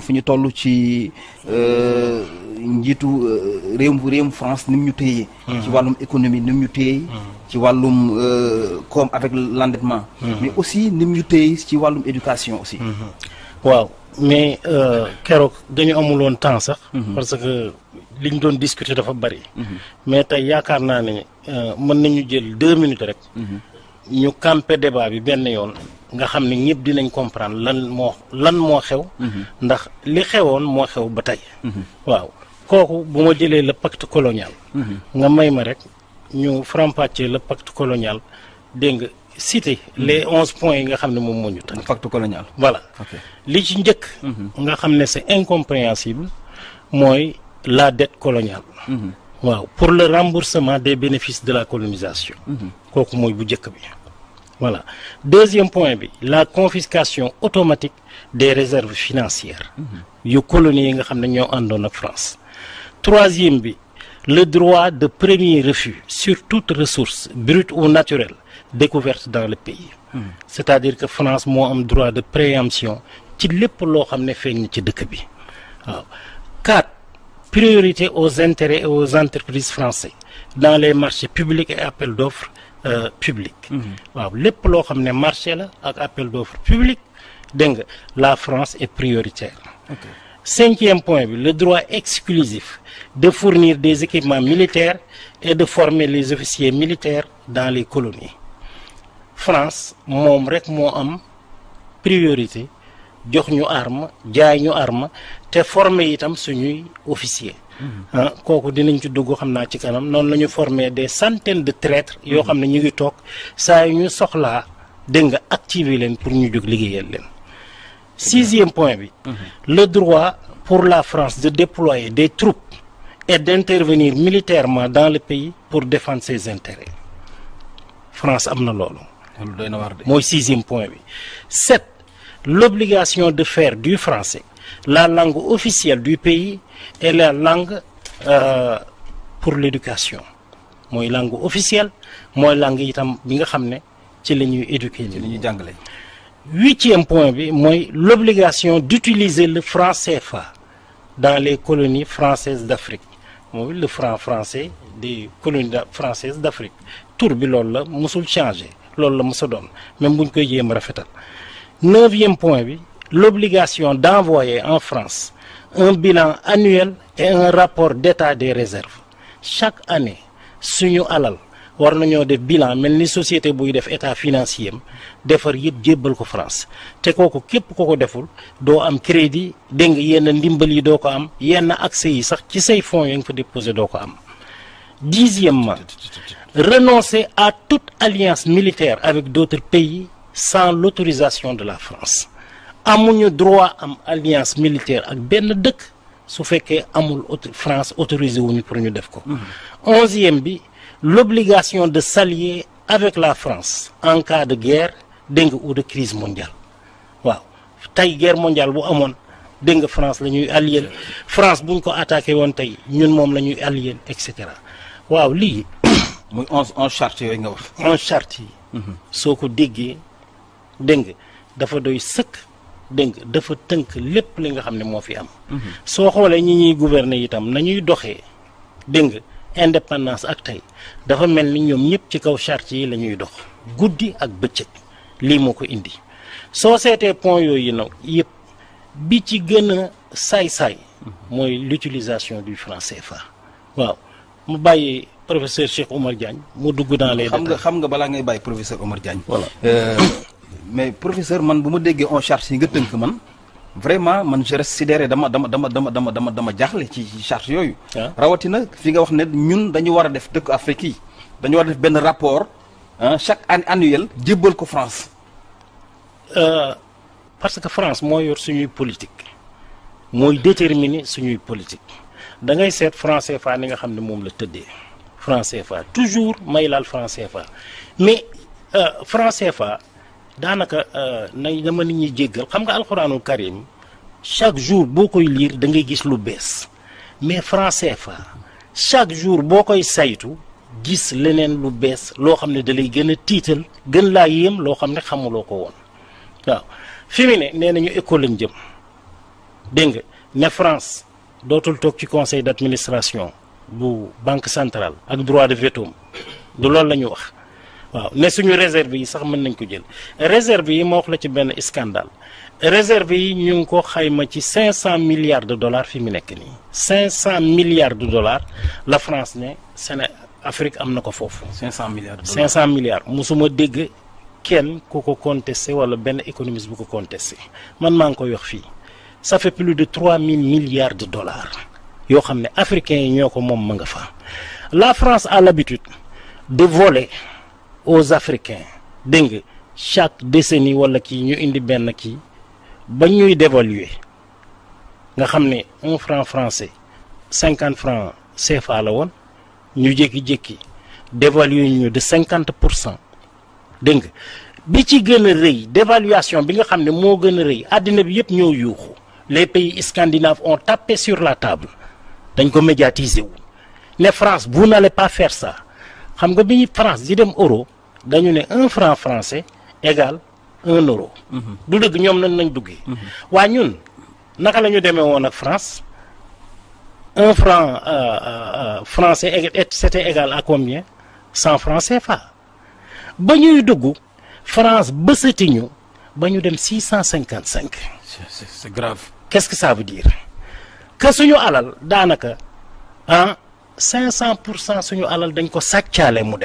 fu tollu ci euh njitu euh, réewum réewum France ni mu ñu téye. Hmm. ci walum économie ni mu ñu téye. Hmm. ci wàllum comme euh, avec l'endettement. Hmm. mais aussi ni mu ñu téye ci walum éducation aussi. waaw mais euh, keroog dañu amul won temps sax. parce que liñ doon discuter dafa bari. mais tay yaakaar naa ne mën nañu jël deux minutes rek. ñu camper débat bi benn yoon nga xam ne ñëpp dinañ comprendre lan moo lan moo xew. Mhm. ndax li xewoon moo xew ba tey. Mhm. waaw kooku bu ma jëlee le pacte colonial. Mhm. nga may ma rek ñu faram le pacte colonial dégg nga cité les onze points yi nga xam ne moom moo ñu le pacte colonial voilà. li ci njëkk. nga xam ne c'est incompréhensible mooy la dette coloniale. waaw pour le remboursement des bénéfices de la colonisation. kooku mooy bu njëkk bi deuxième point la confiscation automatique des réserves financières mhm. colonies France troisième le droit de premier refus sur toute ressource brute ou naturelle découverte dans le pays mhm. c'est-à-dire que France a un droit de préemption ci est quatre priorité aux intérêts et aux entreprises françaises dans les marchés publics et appels d'offres euh, public. Mhm. waaw lépp loo xam marché la appel d'offre public la France est prioritaire. cinquième point le droit exclusif de fournir des équipements militaires et de former les officiers militaires dans les colonies France moom rek moo am priorité jox ñu arme jaay ñu arme te former itam suñuy officiers. Euh, kooku dinañ ci dugg xam ci kanam noonu la ñu formé des centaines de traîtres yoo mm-hmm. xam ne ñu ngi toog saa yu ñu soxlaa dégg nga activer leen pour ñu jóg liggéeyal leen sixième point bi mm-hmm. le droit pour la France de déployer des troupes et d'intervenir militairement dans le pays pour défendre ses intérêts France am na loolu mooy sixième point bi sept l'obligation de faire du français la langue officielle du pays est la langue euh, pour l'éducation la langue officielle moi, langue itam bi nga la langue éduquer. ci la huitième point bi l'obligation d'utiliser le français CFA dans les colonies françaises d'Afrique le franc français des colonies françaises d'Afrique Tout bi loolu la changé, changer loolu la mos même buñ koy neuvième point bi l'obligation d'envoyer en France un bilan annuel et un rapport d'état des réserves chaque année nous alal war bilans, def bilan mel ni société buy def état financier defar yit jébbal ko France te kooku képp ko ko deful doo am crédit dégg nga yenn ndimbal yi doo ko am yenn accès yi sax ci say fonds yi ko am dixièmement renoncer à toute alliance militaire avec d'autres pays sans l'autorisation de la France amuñu droit am alliance militaire ak benn dëkk su amul France autorisé wuñu pour ñu def mhm. onzième l'obligation de s'allier avec la France en cas de guerre ou de crise mondiale waaw guerre mondiale bu France la France buñ ko attaqué woon tey ñun moom la ñuy etc. waaw lii. muy onze onze yooyu nga wax. dégg dafa tënk lépp li nga xam ne moo fi am. Mhm. soo xoolee ñi ñuy gouverner itam nañuy doxee dégg indépendance ak tey dafa mel ni ñoom ñëpp ci kaw charte yi la ñuy dox guddi ak bëccëg lii moo ko indi soo seetee point yooyu nag yëpp bi ci gën a saay-saay mooy l'utilisation du franc fa waaw mu bàyyi professeur Cheikh Omar Diagne mu dugg dans les détails xam nga xam nga balaa ngay bàyyi professeur Omar Diagne voilà euh, mais professeur man buma ma on charge yi nga teunk man vraiment man je reste sidéré dama dama dama dama dama dama dama jaaxle ci charge ah. rawati na fi nga wax né ñun dañu wara def dëkk Afrique yi dañu wara def ben rapport hein, chaque année annuel djébal ko France. Euh, parce que France moo yor suñuy politique moy déterminer suñuy politique da ngay sét Français, CFA ni nga xamné mom la tëddee franc CFA toujours may laal CFA mais euh, france CFA. daanaka euh, nañ dama nit ñuy jéggal xam nga alxuraanul karim chaque jour boo koy liir da ngay gis lu bees mais français fa chaque jour boo koy saytu gis leneen lu bees loo xam ne dalay gën a tiital gën laa yéem loo xam ne xamuloo ko woon waaw fi mu ne nee nañu école lañ jëm dégg nga ne France dootul toog ci conseil d' administration bu banque centrale ak droit de veto du loolu la ñu wax. Mais ne suñu réserve yi sax mën nañ ko jël réserve yi scandale réserve yi ñu ko xayma 500 milliards de dollars 500 milliards de dollars la France l'Afrique, Sénégal Afrique a fait. ko 500 milliards. 500 milliards musuma dégg kenn ku ko contesté wala benn économiste bu ko contesté man maa ngi koy wax fii ça fait plus de 3000 milliards de dollars Les Africains, ne africain yi la France a l'habitude de voler aux Africains Deng, chaque décennie wala qui ñu indi ben qui, ba ñuy dévaluer nga xam un franc français 50 francs. CFA la won, ñu jékki-jékki dévaluer ñu de 50%. Deng, petit dégg dévaluation bi nga xam mo moo gën a rëy bi les pays scandinaves ont tapé sur la table dañ ko médiatiser les France vous n'allez pas faire ça xam nga bi France di dem euro dañu un franc français égal un euro. Mhm. du dëgg nañ mhm. France un franc euh, euh, euh, français c'était égal à combien cent francs, CFA ba ñuy France bësati ñu dem six c'est grave. qu'est-ce que ça veut dire que suñu alal daanaka ah cinq pour suñu alal dañ ko mu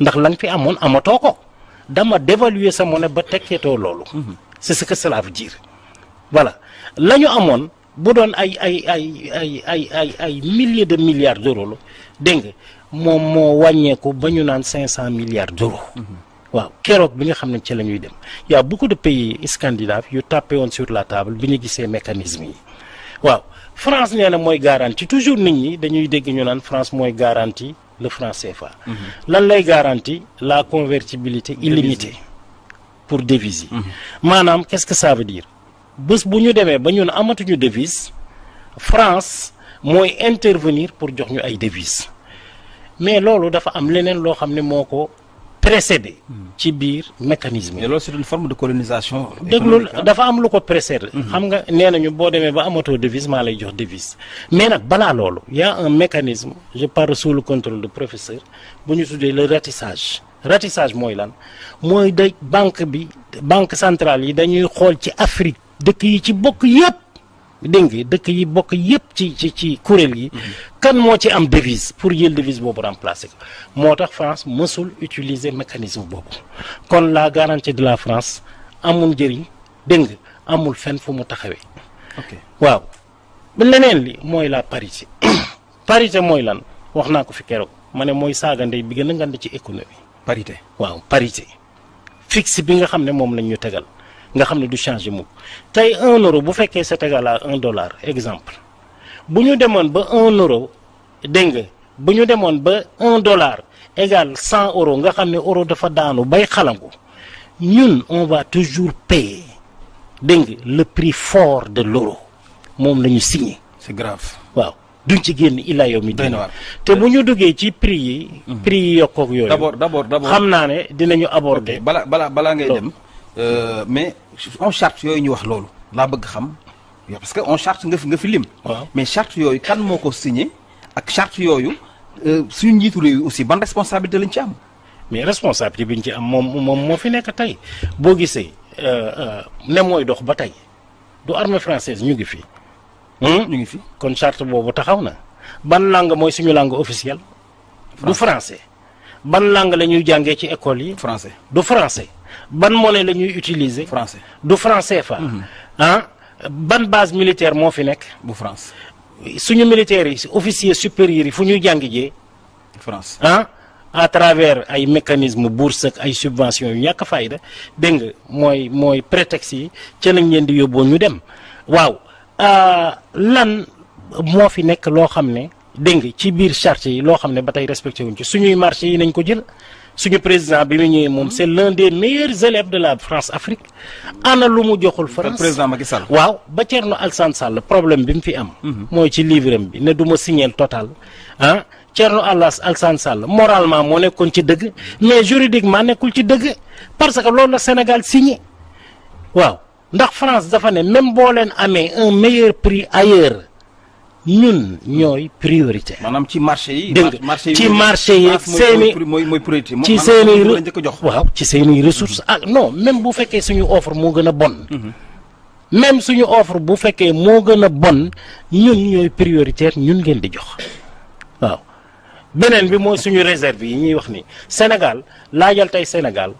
ndax lañ fi amone amato ko dama dévaluer sa monnaie ba tekkeetoo lolu mhm. c'est ce que cela veut dire. voilà lañu amone bu doon ay ay ay ay ay ay ay milliers de milliards d'euros la dégg nga moom moo wàññeeku ba ñu milliards d'euros. Mhm. waaw kérok bi nga xam ci lañuy ñuy dem y a beaucoup de pays scandinaves yu tapé on sur la table biñu gissé mécanisme yi waaw France nee na mooy garantie toujours nit ñi dañuy dégg ñu nan France moy garantie le franc CFA. lan lay garantie la convertibilité illimitée pour devise mhm. Madame, qu'est-ce que ça veut dire Si bu ñu une ba ñun France moy intervenir pour jox ñu ay devise mais lolu dafa am leneen lo xamné précédé ci biir mécanisme yi. c'est une forme de colonisation. déglul hein. dafa am lu ko précédé. Mhm. xam nga nee nañu boo demee ba amatoo devise maa lay jox devise mais nag balaa loolu y a un mécanisme je parle sous le contrôle du professeur bu ñu tuddee le ratissage ratissage mooy lan mooy day banque bi banque centrale yi dañuy xool ci Afrique dëkk yi ci bokk yépp dégg nga dëkk yi bokk yépp ci ci ci kuréel yi. Mhm. kan moo ci am devise pour jël devise boobu remplacer ko moo tax France mësul utiliser mécanisme boobu kon la garantie de la France amul njëriñ dégg nga amul fen fu mu taxawee. waaw leneen li mooy la parité parité mooy lan wax naa ko fi keroog ma ne mooy saaga ndey bi gën a ngand ci économie. parité waaw parité fixe bi nga xam ne moom lañ ñu tegal. nga xam ne du changer mu tey un euro bu fekkee c'est égal à un dollar exemple bu ñu demoon ba un euro dégg nga bu ñu demoon ba un dollar égal cent euro nga xam ne euro dafa daanu bay xalangu ñun on va toujours payer dégg nga le prix fort de l'euro moom la ñu signé. c'est grave waaw. duñ ci génn illa yow mi dina te bu ñu duggee ci prix yi. Mhm. prix yi yokkook yooyu. d'abord d'abord d'abord xam naa ne dinañu aborder. bala bala balaa ngay dem. Euh, mais on charte yoy ñu wax bëgg parce que on charte nga mais charte yoy kan moko signé ak charte euh, suñu aussi ban responsabilité lañ ci mais responsable ci am fi euh, du française ñu ngi fi. Hmm? ñu ngi fi kon charte langue langue officielle. du français ban langue lañuy ñuy jàngee ci école yi. français du français. ban monnaie la ñuy utiliser. français du français fa. Mhm. ah ban base militaire moo fi nekk. bu France. suñu militaires yi officiers supérieurs yi fu ñuy jàng jee. France ah à travers ay mécanismes bourse ak ay subventions yu ñàkk fayda dégg nga mooy mooy prétexte yi ca lañ leen di yóbboo ñu dem waaw ah, lan moo fi nekk loo xam dégg nga ci biir charte yi loo xam ne ba tey respecté wuñ ci suñuy marché yi nañ ko jël suñu président bi mu ñëwee moom c' est l' un des meilleurs élèves de la France Afrique ana lu mu joxul France président Macky Sall waaw ba Thierno Alassane Sall problème bi mu fi am. Mhm. mooy ci livre bi ne du ma signer total ah Thierno Alassane Sall moralement moo nekkoon ci dëgg mais juridiquement nekkul ci dëgg parce que loolu na Sénégal signé waaw ndax France dafa ne même boo leen amee un meilleur prix ailleurs. ñun ñooy priorité. manam ci marché yi. marché nga ci marché yi seeni ci seeni waaw ci seeni mm-hmm. ressources ah non même bu fekkee suñu offre moo gën a bon. Mm-hmm. même suñu offre bu fekkee moo gën a bon ñun ñooy prioritaire ñun ngeen di jox waaw. beneen bi mooy suñu réserve yi ñuy wax ni Sénégal laajal tey Sénégal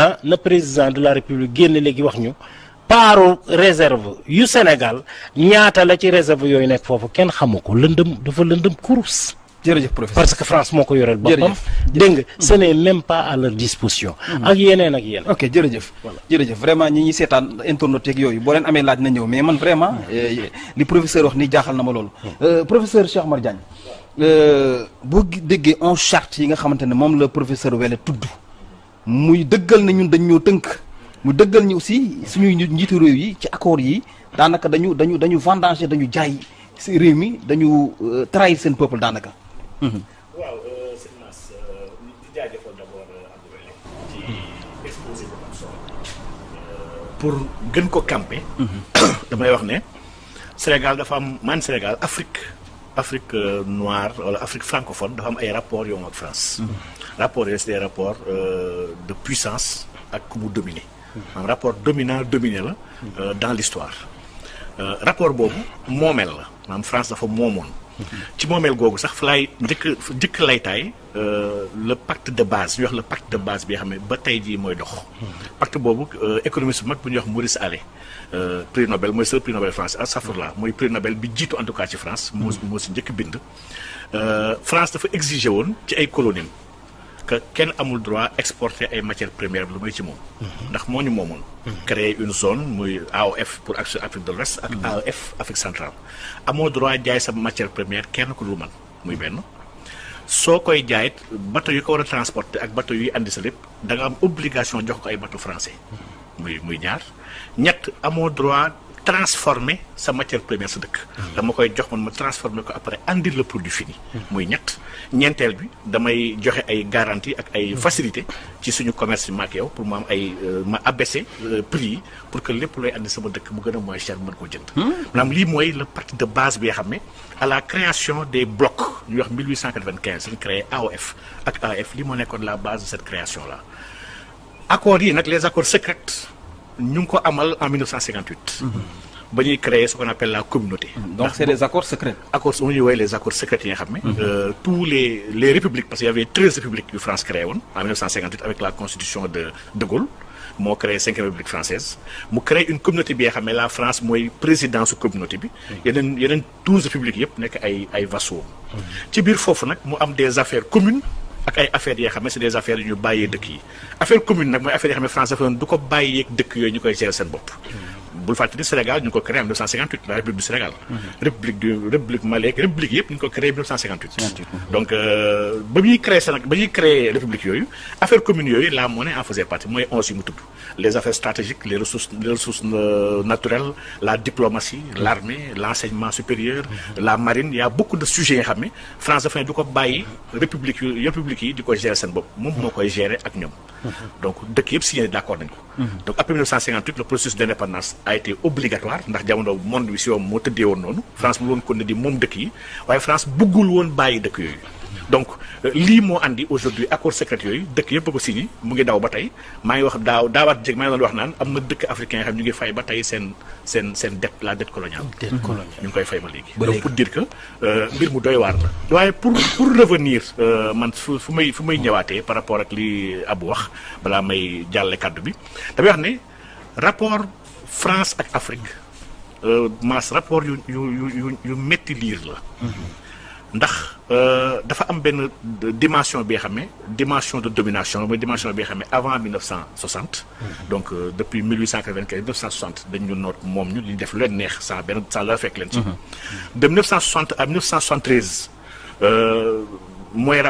ah le président de la république génn léegi wax ñu. paaru réserve yu Sénégal ñaata la ci réserve yooyu nekk foofu kenn xamu ko lëndëm dafa lëndëm kurus. jërëjëf professeur parce que France moo ko yoreel boppam. dégg nga ce n'est même pas à leur disposition. Mmh. ak yeneen ak yeneen. ok jërëjëf. voilà jërëjëf vraiment ñi ñuy seetaan internautes yeeg yooyu boo leen amee laaj na ñëw mais man vraiment mmh. euh, li professeur wax ni jaaxal na ma loolu. Mmh. Euh, professeur Cheikh Omar Diagne euh, boo déggee on charte yi nga xamante ne moom la professeur Wele tudd muy dëggal na ñun dañ ñoo tënk. mu dëggal ñu aussi suñu njitu rew yi ci accord yi danaka dañu dañu dañu vendanger dañu jaay ci rew mi dañu euh, trahir sen peuple danaka mhm. waaw euh, euh, di jaajëfal d'abord Abdou Wele ci exposé bu am solo pour gën ko camper mhm. damay wax né Sénégal dafa am man Sénégal Afrique Afrique noire wala Afrique francophone dafa am ay rapport yo ak France mhm. rapport c'est des rapports de puissance ak ku dominer un rapport dominant dominé euh, dans l'histoire euh, rapport bobu momel la maanaam France dafa momone ci momel googu sax fa laay njëkk njëkk laytaay euh, le pacte de base ñu wax le pacte de base bi xamé ba tay jii moy dox pacte boobu euh, économiste bu mag bu ñuy wax Maurice Allais prix Nobel moy seul prix Nobel France là. moy prix Nobel bi jitu en tout cas ci France moo moo si njëkk bind France dafa exiger won ci ay colonies que kenn amul droit exporter ay matières premières lu muy ci moom. ndax moo ñu moomoon. créer une zone muy AOF pour action Afrique de l'Ouest ak AOF Afrique centrale. amoo droit jaay sa matière première kenn ku lu man muy benn. soo koy jaayit bateau yu ko war a transporter ak bato yuy andi sa lépp danga am obligation jox ko ay bateau français. muy muy ñaar ñett amoo droit. transformer sa matière première sa dëkk. Hmm. dama koy jox man ma transformer ko après andir le produit fini. Hmm. muy ñett ñeenteel bi damay joxe ay garantie ak ay hmm. facilité ci suñu commerce bi maak yow pour mu am ay euh, ma abaissé euh, prix pour que lépp looy andi sama dëkk mu gën a moins cher mën koo jënd. maanaam lii mooy la partie de base bi nga xam ne à la création des blocs ñuy wax 1895 ñu créé AOF ak AF li moo nekkoon la base de cette création là accords yi nag les accords secrets. Nous avons en 1958. créer ce qu'on appelle la communauté. donc c'est les accords secrets. accords on les accords secrets yi mhm. euh, tous les les républiques parce qu'il y avait 13 républiques que France créé en 1958 avec la constitution de de Gaulle. moo créé 5 république française mu créé une communauté bi nga la France présidente présidence cette communauté il y a 12 républiques qui sont ay ay vassaux. Mhm. ci biir foofu que nous am des affaires communes. ak ay affaires yoo xam ne c'est des affaires yu ñu bàyyee dëkk yi affaire commune nag mooy affaire yoo xam ne France du ko bàyyeeg dëkk yooyu ñu koy gérer seen bopp bul fàtte ni Sénégal ñu ko créé en 1958 la république du Sénégal. Mhm. république du république Mali république yëpp ñu ko créé en 1958. Mhm. donc euh, ba ñuy créé Sénégal ba ñuy créé république yooyu affaire communes yooyu la monnaie en faisait partie mooy 11 yu mu tudd les affaires stratégiques les ressources les ressources euh, naturelles la diplomatie mhm. l' armée l' enseignement supérieur. la marine il y' a beaucoup de sujets yoo xam ne France dafa ne du ko bàyyi république yu république yi di ko gérer seen bopp moom moo koy gérer ak ñoom donc dëkk yëpp signé d'accord. accord ko. donc après 1958 le processus d'indépendance a été obligatoire ndax avons monde bi si moom moo tëddee France nous woon kon des di moom dëkk yi France bëggul woon bàyyi dëkk donc euh, li mo andi aujourd'hui accord secret yoy dëkk yepp ko signé mu ngi daw batay ma ngi wax daw dawat jéeg ma ngi wax nan am na africain xam ñu ngi fay batay sen sen sen dette la dette coloniale. dette coloniale ñu koy fay ba léegi. donc pour dire que euh mbir mu doy war na waye pour pour revenir euh man fu may fu may ñëwaatee par rapport ak li ab wax bala may jallé kaddu bi damay wax ne rapport France ak Afrique euh mass rapport yu yu yu yu métti liir la. Mhm. ndax euh, dafa am benn dimension bi xamé dimension de domination mooy dimension bi xamé avant 1960. Mhm. donc euh, depuis 1895 1960 dañ ñu noot moom ñu li def lu leen neex sans benn la leen ci. Mhm. de 1960 à 1973 euh moy